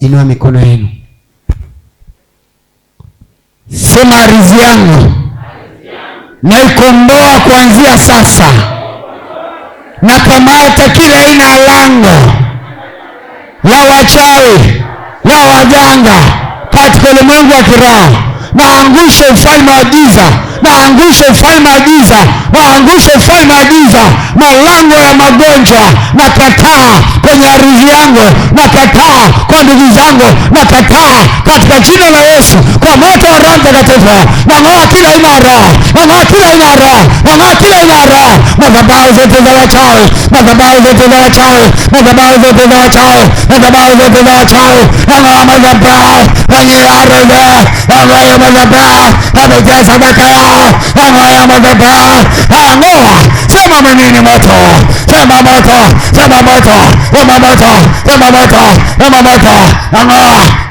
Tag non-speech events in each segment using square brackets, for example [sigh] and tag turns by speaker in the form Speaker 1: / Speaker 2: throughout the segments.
Speaker 1: Inua mikono yenu, sema ardhi yangu naikomboa kuanzia sasa na kamata kila aina ya lango la wachawi la waganga katika ulimwengu wa kiroho, naangusha ufalme wa giza waangushe ufalme wa giza, waangushe ufalme wa giza, malango ya magonjwa na kataa kwenye ardhi yangu, na kataa kwa ndugu zangu, na kataa katika jina la Yesu, kwa moto wa Roho Mtakatifu, na ng'oa kila aina ya roho, na ng'oa kila aina ya roho, na ng'oa kila aina ya roho, madhabahu zote za wachawi, madhabahu zote za wachawi, madhabahu zote za wachawi, madhabahu zote za wachawi, na ng'oa madhabahu kwenye ardhi moyo madhabahu amejaa sadaka yao, moyo madhabahu ang'oa, sema mimini moto, sema moto, sema moto, sema moto, sema moto, sema moto, ang'oa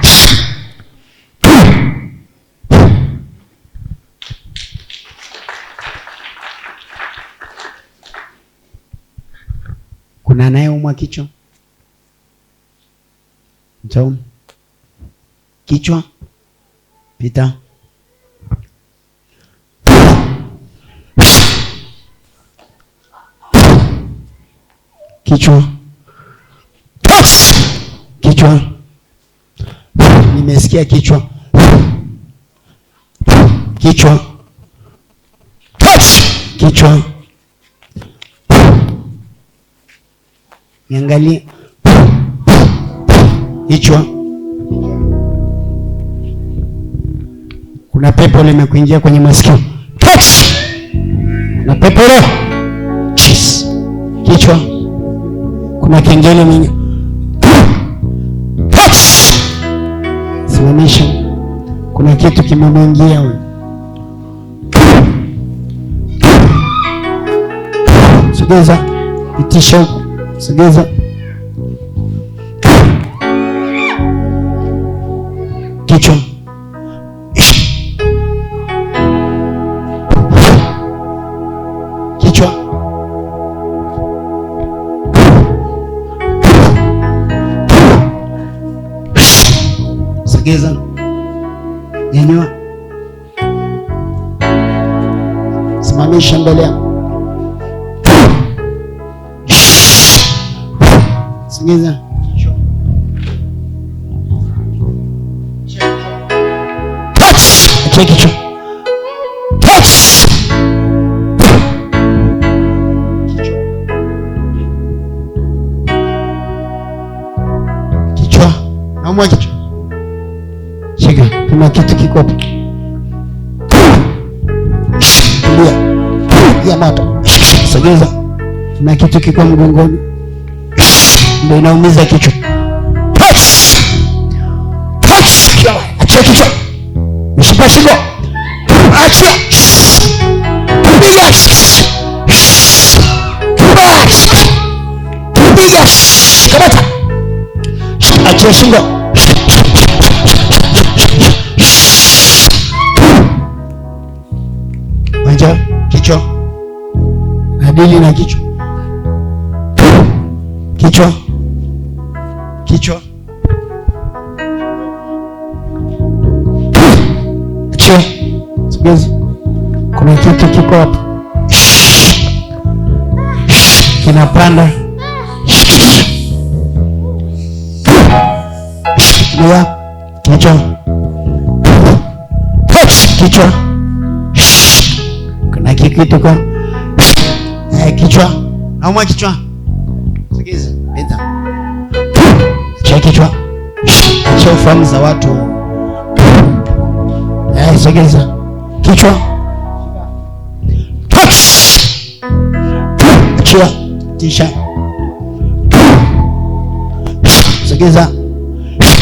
Speaker 1: Kuna anayeumwa kichwa? Mtaumwa kichwa? Pita. Kichwa. Kichwa. Nimesikia kichwa. Kichwa. Kichwa. Niangalie. Kichwa. Kichwa. Kuna pepo limekuingia kwenye masikio, toka Kuna pepo leo. Kichwa kuna kengele mingi, toka, simamisha. Kuna kitu kimemwingia huyo, sogeza, itisha huko, sogeza kichwa Tegeza, nyanyua, simamisha mbele yako, sogeza kichwa unalegeza na kitu kiko mgongoni, ndio inaumiza kichwa. Achia kichwa, mishipa shingo, achia achia shingo, wanja kichwa dili na kichwa, kichwa, kichwa, achia. Sogezi, kuna kitu kiko hapo kinapanda kichwa, kichwa, kuna kitu kiko Eh, kichwa naumwa kichwa, sikiza kichwa ufahamu za watu eh, sikiza kichwa tisha sikiza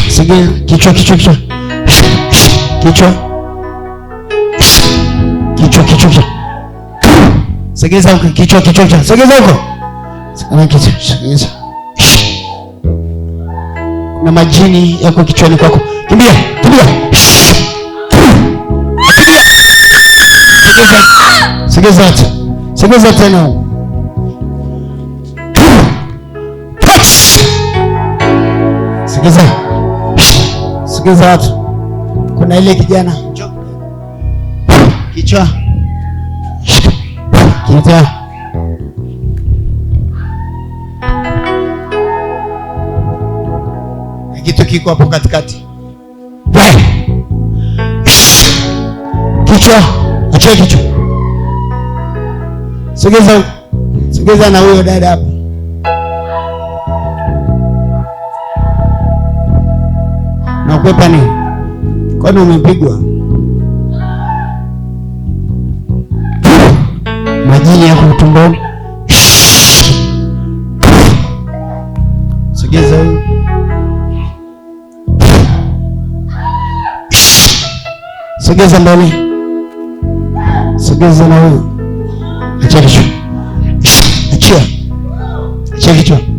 Speaker 1: sikiza kichwa kichwa kichwa kichwa Sogeza huko kichwa kichwa cha. Sogeza huko. Sikana kichwa. Sogeza. Na majini yako kichwani kwako. Kimbia, kimbia. Sogeza. Sogeza. Sogeza tena. Sogeza. Sogeza. Kuna ile kijana. Kichwa. Mta kitu kiko hapo katikati, kichwa achia kichwa, sogeza sogeza, na huyo dada hapo nakwepa nini? Kwani umepigwa? ajili ya kutumboni. Sogeza sogeza mbele, sogeza na wewe, achia kichwa, achia, achia kichwa.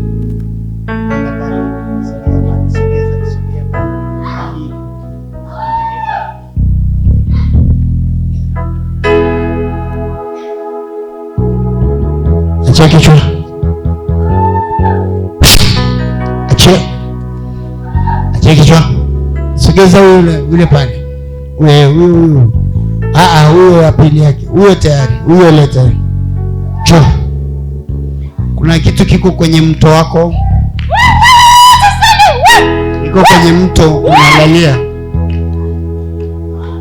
Speaker 1: Sogeza yule yule pale, huyo huyo, huyo wa pili yake huyo, tayari huyo, tayari cho. Kuna kitu kiko kwenye mto wako, kiko kwenye mto, unalalia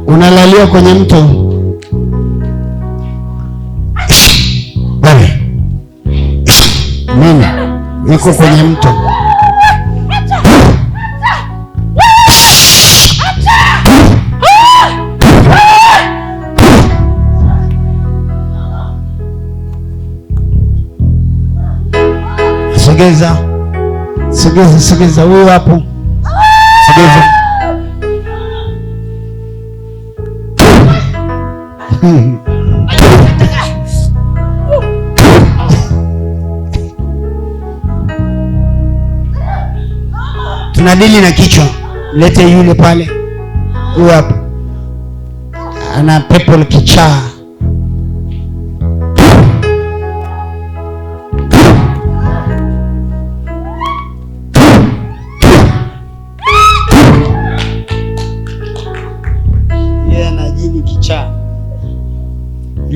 Speaker 1: unalalia kwenye mto nini, niko kwenye mto Sogeza, sogeza, sogeza. Huyo hapo, sogeza. Tunadili na kichwa. Lete yule pale, huyo hapo, ana pepo kichaa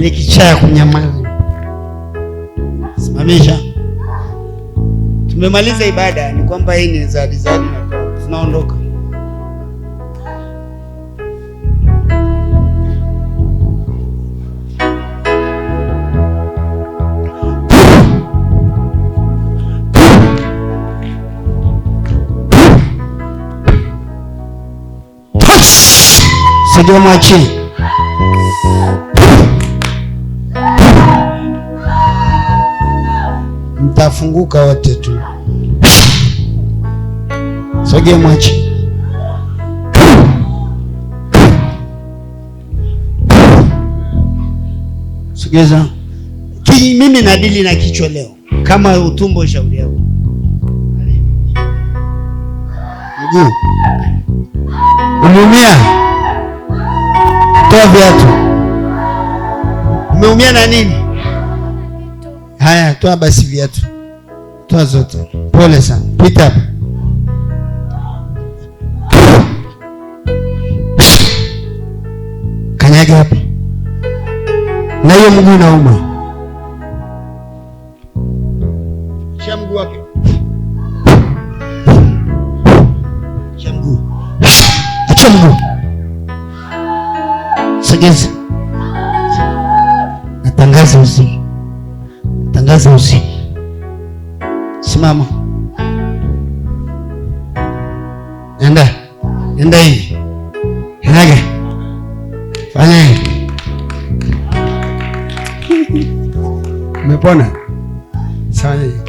Speaker 1: ni kichaa kunyamaza. Simamisha, tumemaliza ibada. Ni kwamba hii ni zawadi zawadi, tunaondoka. Sijomwachi mnafunguka wote tu. Sogea mwachi sogeza. Mimi nadili na kichwa leo kama utumbo shauri yako mguu umeumia, toa viatu. Umeumia na nini? Haya, toa basi viatu toa zote. Pole sana, pita hapa. Kanyaga hapa, na hiyo mguu nauma, sha mguu wake, sha mguu, acha mguu, segeza. Natangaza uzima, natangaza uzima Simama, nenda nenda, hii nage, fanya hii. Umepona? Fanya hii.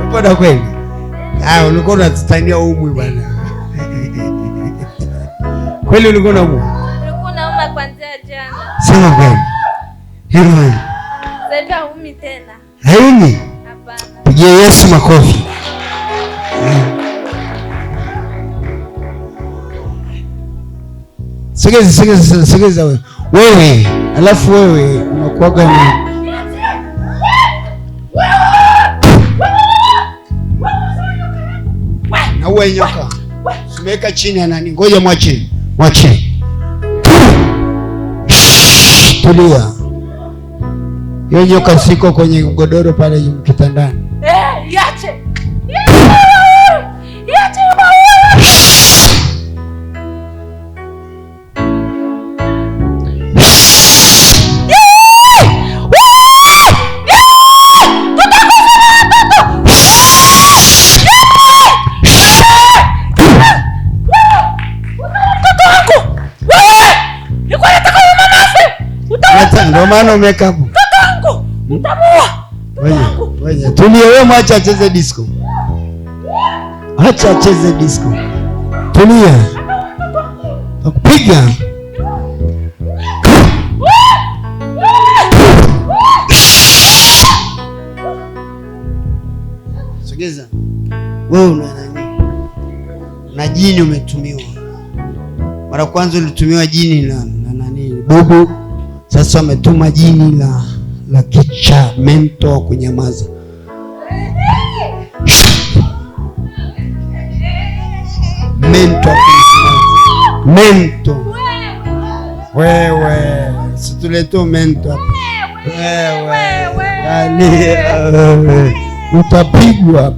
Speaker 1: Umepona kweli? Ah, ulikuwa unatutania umwi bana. Kweli ulikuwa na umu?
Speaker 2: Ulikuwa na umu kuanzia jana.
Speaker 1: Sema kweli. Hilo hilo.
Speaker 2: Sasa humi tena.
Speaker 1: Haini? Hapana. Pigie Yesu makofi. Segeza, segeza, segeza wewe. Wewe, alafu wewe unakuaga ni Nauwe nyoka. Simeka chini ya anani. Ngoja mwache. Wachie tulia. Hiyo nyoka siko kwenye godoro pale kitandani,
Speaker 3: eh, iache.
Speaker 1: maana umekabu.
Speaker 3: Tatangu, utamua.
Speaker 1: Tatangu. Wewe, tulie wewe mwacha acheze disco. Acha acheze disco. Tulia. Nakupiga. Sogeza. Wewe una nani? Na jini umetumiwa. Mara kwanza ulitumiwa jini na na nani? Bubu. Sasa wametuma jini la, la kicha mento kunyamaza. Mento, mento wewe, situleto mento wewe, utapigwa.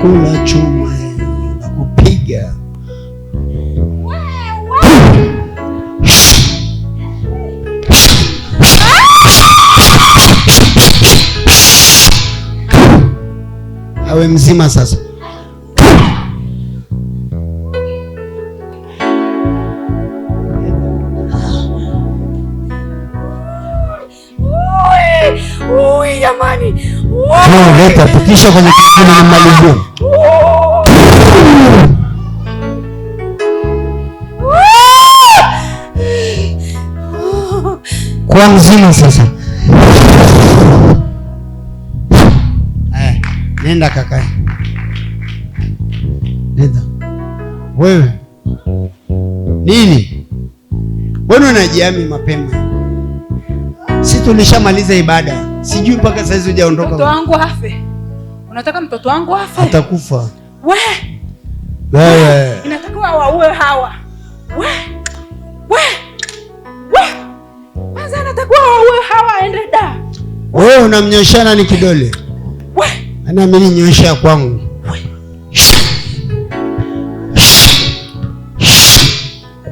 Speaker 1: kula chuma na kupiga awe mzima sasa. Leta pitisha kwenye na maluguni wa mzima sasa. Eh, nenda kaka. Nenda. Wewe. Nini? Wewe unajiami mapema. Si tulishamaliza ibada. Sijui mpaka sasa hizo hujaondoka.
Speaker 3: Mtoto wangu afe. Unataka mtoto wangu afe?
Speaker 1: Atakufa. Wewe. Wewe.
Speaker 3: Inatakiwa waue hawa. Wewe.
Speaker 1: unamnyoshana ni kidole, mimi ninyosha kwangu.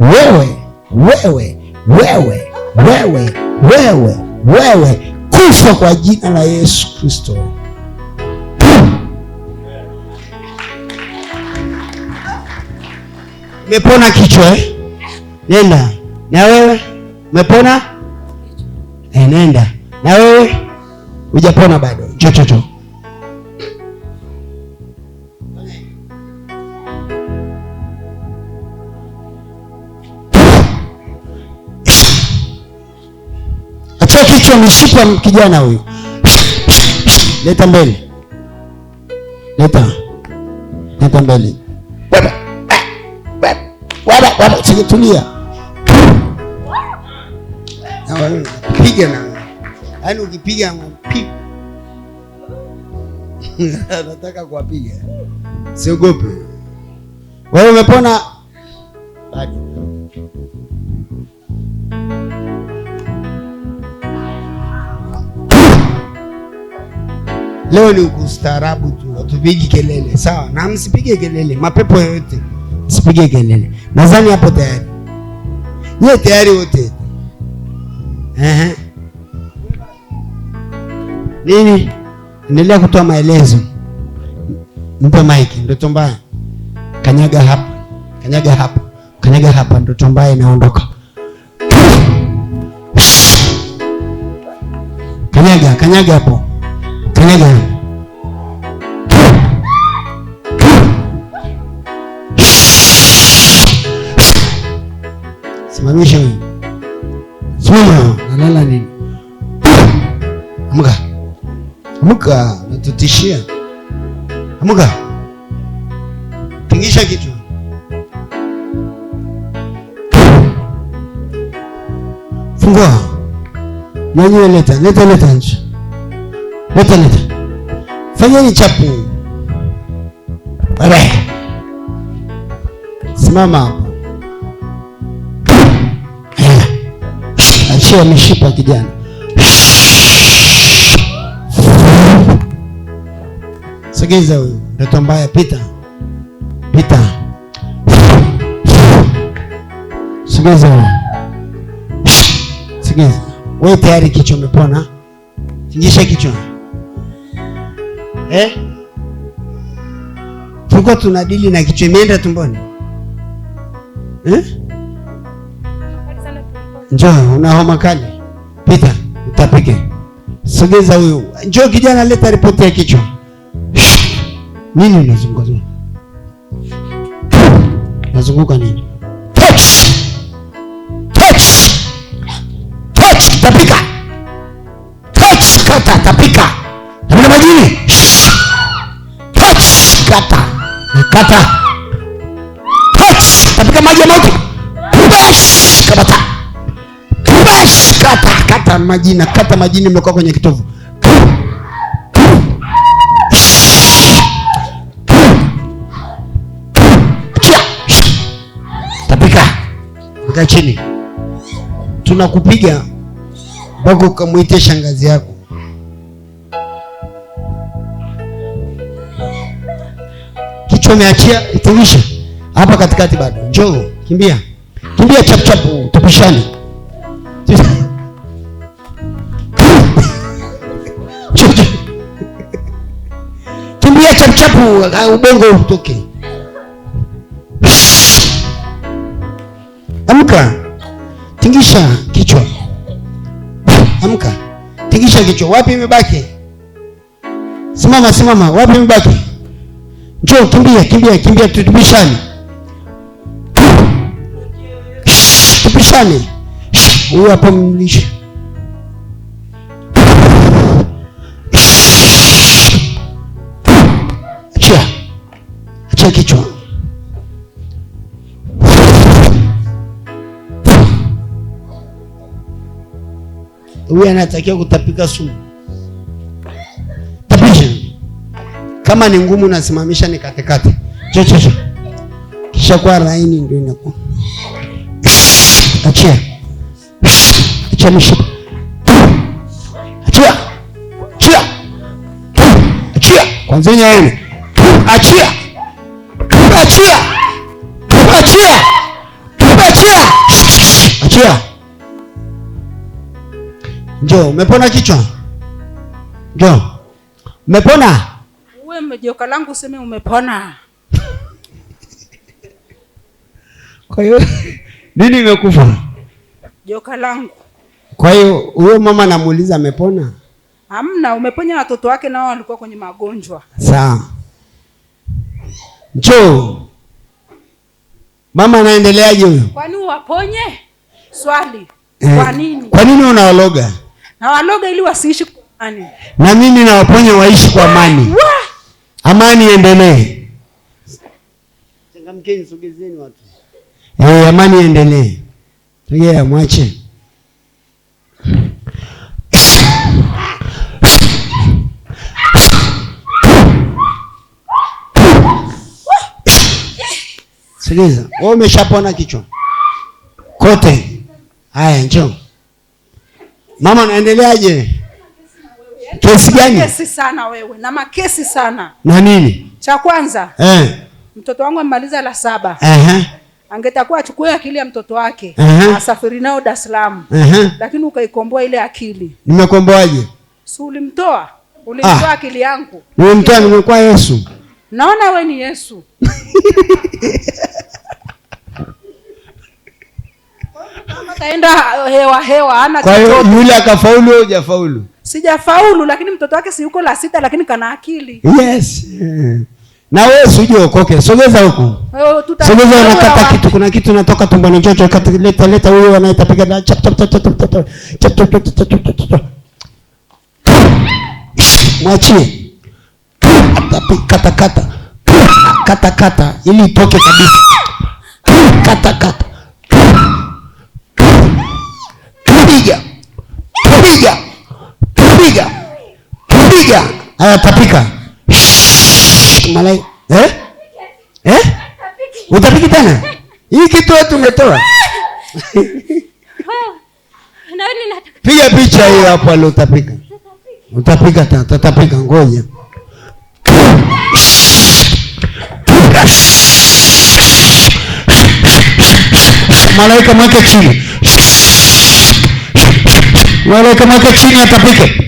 Speaker 1: Wewe, wewe, wewe, wewe, wewe, wewe, kufa kwa jina la Yesu Kristo. Umepona kichwa eh? Nenda na wewe, umepona? Eh, nenda na wewe. Hujapona bado. Njoo, njoo, njoo. Achia kichwa, mishipa kijana huyu. Leta mbele. Leta. Leta mbele. Baba. Baba, baba, tulia. Piga na. Yaani ukipiga [laughs] nataka kuwapiga, siogope. Kwa hiyo umepona Leo ni kustaarabu tu, hatupigi kelele sawa, na msipige kelele, mapepo yoyote msipige kelele. Nadhani hapo tayari, niwe tayari wote. Ehe, nini Endelea kutoa maelezo. Mpe maiki. Ndoto mbaya, kanyaga hapa, kanyaga hapa, kanyaga hapa. Ndoto mbaya inaondoka. Kanyaga, kanyaga hapo, kanyaga simamisha. Simama, nalala nini? Amka. Amka, natutishia. Amka. Tingisha kitu. Fungua. Nyanyua, leta, leta, leta nje. Leta, leta. Fanya ni chapu. Bale. Simama Achia mishipa kijana. Sikiliza huyu mtoto mbaya, pita pita. Sikiliza huyu, sikiliza wewe, tayari kichwa umepona, tingisha kichwa eh? tuko tunadili na kichwa, imeenda tumboni eh? Njoo, una homa kali, pita utapike. Sogeza huyu, njoo kijana, leta ripoti ya kichwa. Nini unazunguka zunguka? Nazunguka nini? Tochi. Tochi. Tochi tapika. Tochi kata tapika. Tapika majini. Tochi kata. Nakata. Tochi tapika maji ya moto. kata kata kata majini imekuwa kwenye kitovu. mpaka chini, tunakupiga mpaka ukamwite shangazi yako. Kichwa umeachia itumisha hapa katikati bado, njoo kimbia kimbia, chap chap, tupishane [laughs] kimbia chap chap, ubongo utoke Amka, tingisha kichwa, amka, tingisha kichwa. Wapi imebaki? Simama, simama. Wapi imebaki? Njoo, kimbia, kimbia, kimbia, tutubishane, tupishane. Huyu hapo mlisha achia, achia kichwa huyu anatakiwa kutapika sumu. Tapisha kama ni ngumu, nasimamisha nikatekate chochocho, kisha kwa laini ndio inakuwa. Achia, achia mishipa. achia, achia, achia kwanza Achia. achia, achia Njoo, umepona kichwa? Njoo. Umepona?
Speaker 3: Uwe mjoka langu useme umepona.
Speaker 1: [laughs] Kwa hiyo nini imekufa?
Speaker 3: Joka langu.
Speaker 1: Kwa hiyo huyo mama namuuliza amepona?
Speaker 3: Hamna, umeponya watoto wake nao walikuwa kwenye magonjwa.
Speaker 1: Sawa. Njoo. Mama anaendeleaje huyo?
Speaker 3: Kwani uwaponye? Swali. Eh, kwa nini?
Speaker 1: Kwa nini unaologa?
Speaker 3: na waloga ili wasiishi kwa amani,
Speaker 1: na mimi nawaponya waishi kwa amani. Amani iendelee,
Speaker 4: changamkeni, sogezeni watu
Speaker 1: eh, amani iendelee, tegea mwache Sikiliza, wewe umeshapona kichwa kote. Haya, njoo. Mama, naendeleaje? Kesi gani?
Speaker 3: Kesi sana wewe na makesi sana
Speaker 1: na nini?
Speaker 3: Cha kwanza eh, mtoto wangu amemaliza la saba eh, angetakuwa achukue akili ya mtoto wake
Speaker 1: eh, asafiri
Speaker 3: nao Dar es Salaam
Speaker 1: eh, lakini
Speaker 3: ukaikomboa ile akili.
Speaker 1: Nimekomboaje?
Speaker 3: si ulimtoa, ulimtoa ah, akili yangu
Speaker 1: nilimtoa, nimekuwa Yesu.
Speaker 3: Naona we ni Yesu [laughs] kaenda hewa hewa ana
Speaker 1: kwa hiyo yule akafaulu au hujafaulu
Speaker 3: sijafaulu lakini mtoto wake si yuko la sita lakini kana akili
Speaker 1: yes na wewe usijuokoke sogeza huko sogeza unakata kitu kuna kitu natoka tumboni jojo leta leta huyo anaita piga na chap chap chap chap chap chap chap chap chap anaitapiga mwachie kata kata ili itoke kabisa kata kata hayatapika malai eh? Eh? Utapiki tena hii kitu wetu umetoa piga picha hiyo hapo, ali utapika, utapika tatapika, ngoja malaika mweke chini, malaika mweke chini, atapike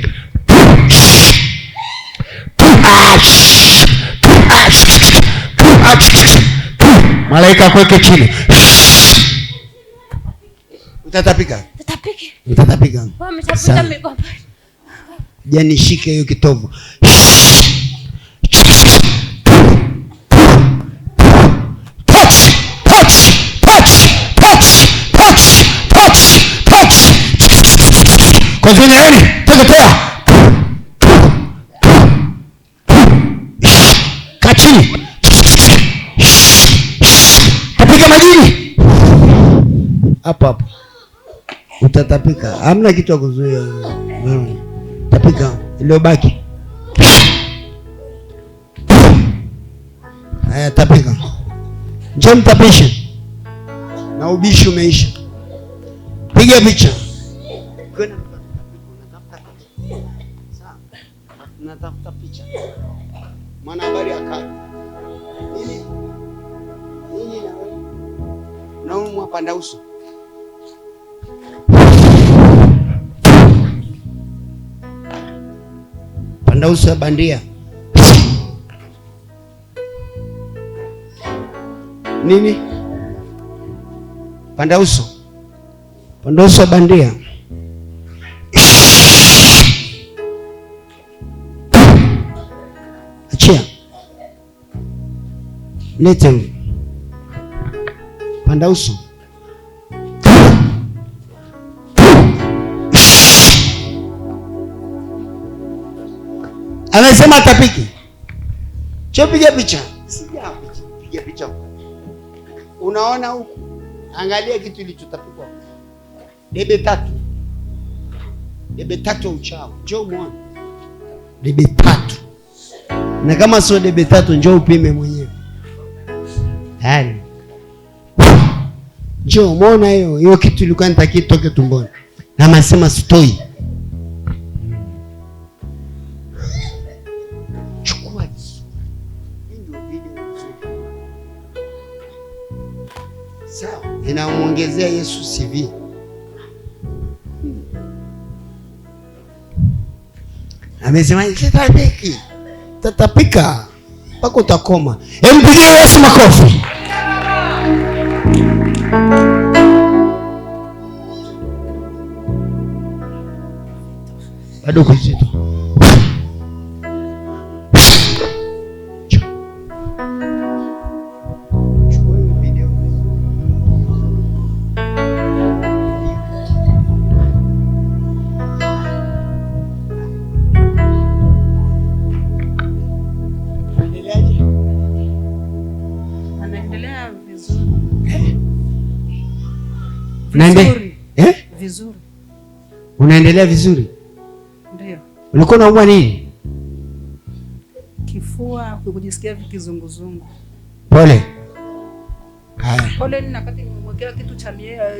Speaker 1: malaika kweke chini, utatapika, utatapika. Janishike hiyo kitovu kwa vile nini yaani, hapo hapo utatapika, hamna kitu ya kuzuia. Tapika iliyobaki. Haya, tapika. Njoo mtapishe, na ubishi umeisha. Piga picha. ana uso ya bandia. Nini? Panda uso, panda uso ya bandia. Achia nete, panda uso anasema atapiki chopiga picha
Speaker 4: sijapiga picha. Unaona huku, angalia kitu ilichotapikwa debe tatu, debe tatu ya uchafu. Njoo muone
Speaker 1: debe tatu, na kama sio debe tatu, njo upime mwenyewe. Yani njoo mwona hiyo hiyo kitu ilikuwa nitakiitoke tumboni, na anasema sitoi inamuongezea inamwongezea Yesu CV. Amesema sitabiki, tatapika mpaka utakoma. Empigie Yesu makofi. Bado kuzito Vizuri. Eh? Vizuri. Unaendelea vizuri? Ndio. Ulikuwa unaumwa nini?
Speaker 3: Kifua, kujisikia vikizunguzungu. Pole. Haya. Pole ni nakati nimemwekea kitu cha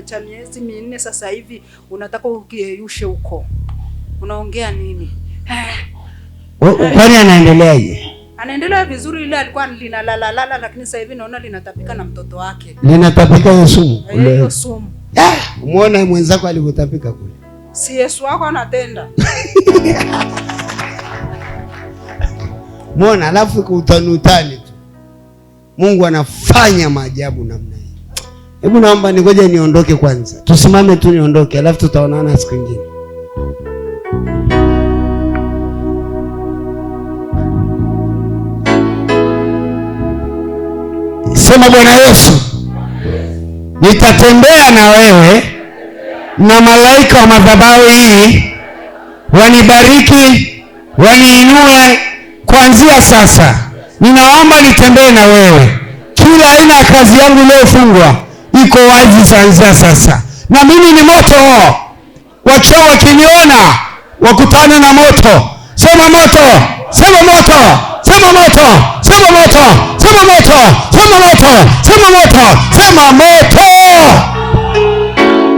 Speaker 3: cha miezi minne sasa hivi unataka ukiyeyushe huko. Unaongea nini?
Speaker 1: Kwani anaendeleaje?
Speaker 3: Anaendelea vizuri, ile alikuwa linalalalala, lakini sasa hivi naona linatapika na mtoto wake.
Speaker 1: Linatapika hiyo sumu.
Speaker 3: Eh, hiyo sumu.
Speaker 1: Ah, Umeona mwenzako alikutapika kule,
Speaker 3: si Yesu wako anatenda.
Speaker 1: Mwona, alafu kutanutani tu, Mungu anafanya maajabu namna hii. Hebu naomba ningoja niondoke kwanza, tusimame tu niondoke, alafu tutaonana siku nyingine. Sema Bwana Yesu, nitatembea na wewe na malaika wa madhabahu hii wanibariki, waniinue kuanzia sasa. Ninaomba nitembee na wewe, kila aina ya kazi yangu iliyofungwa iko wazi kuanzia sasa, na mimi ni moto. wachao wakiniona wakutane na moto. Sema moto, sema moto, sema moto, sema moto, sema moto, sema moto, sema moto, sema moto, sema moto.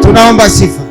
Speaker 1: Tunaomba sifa.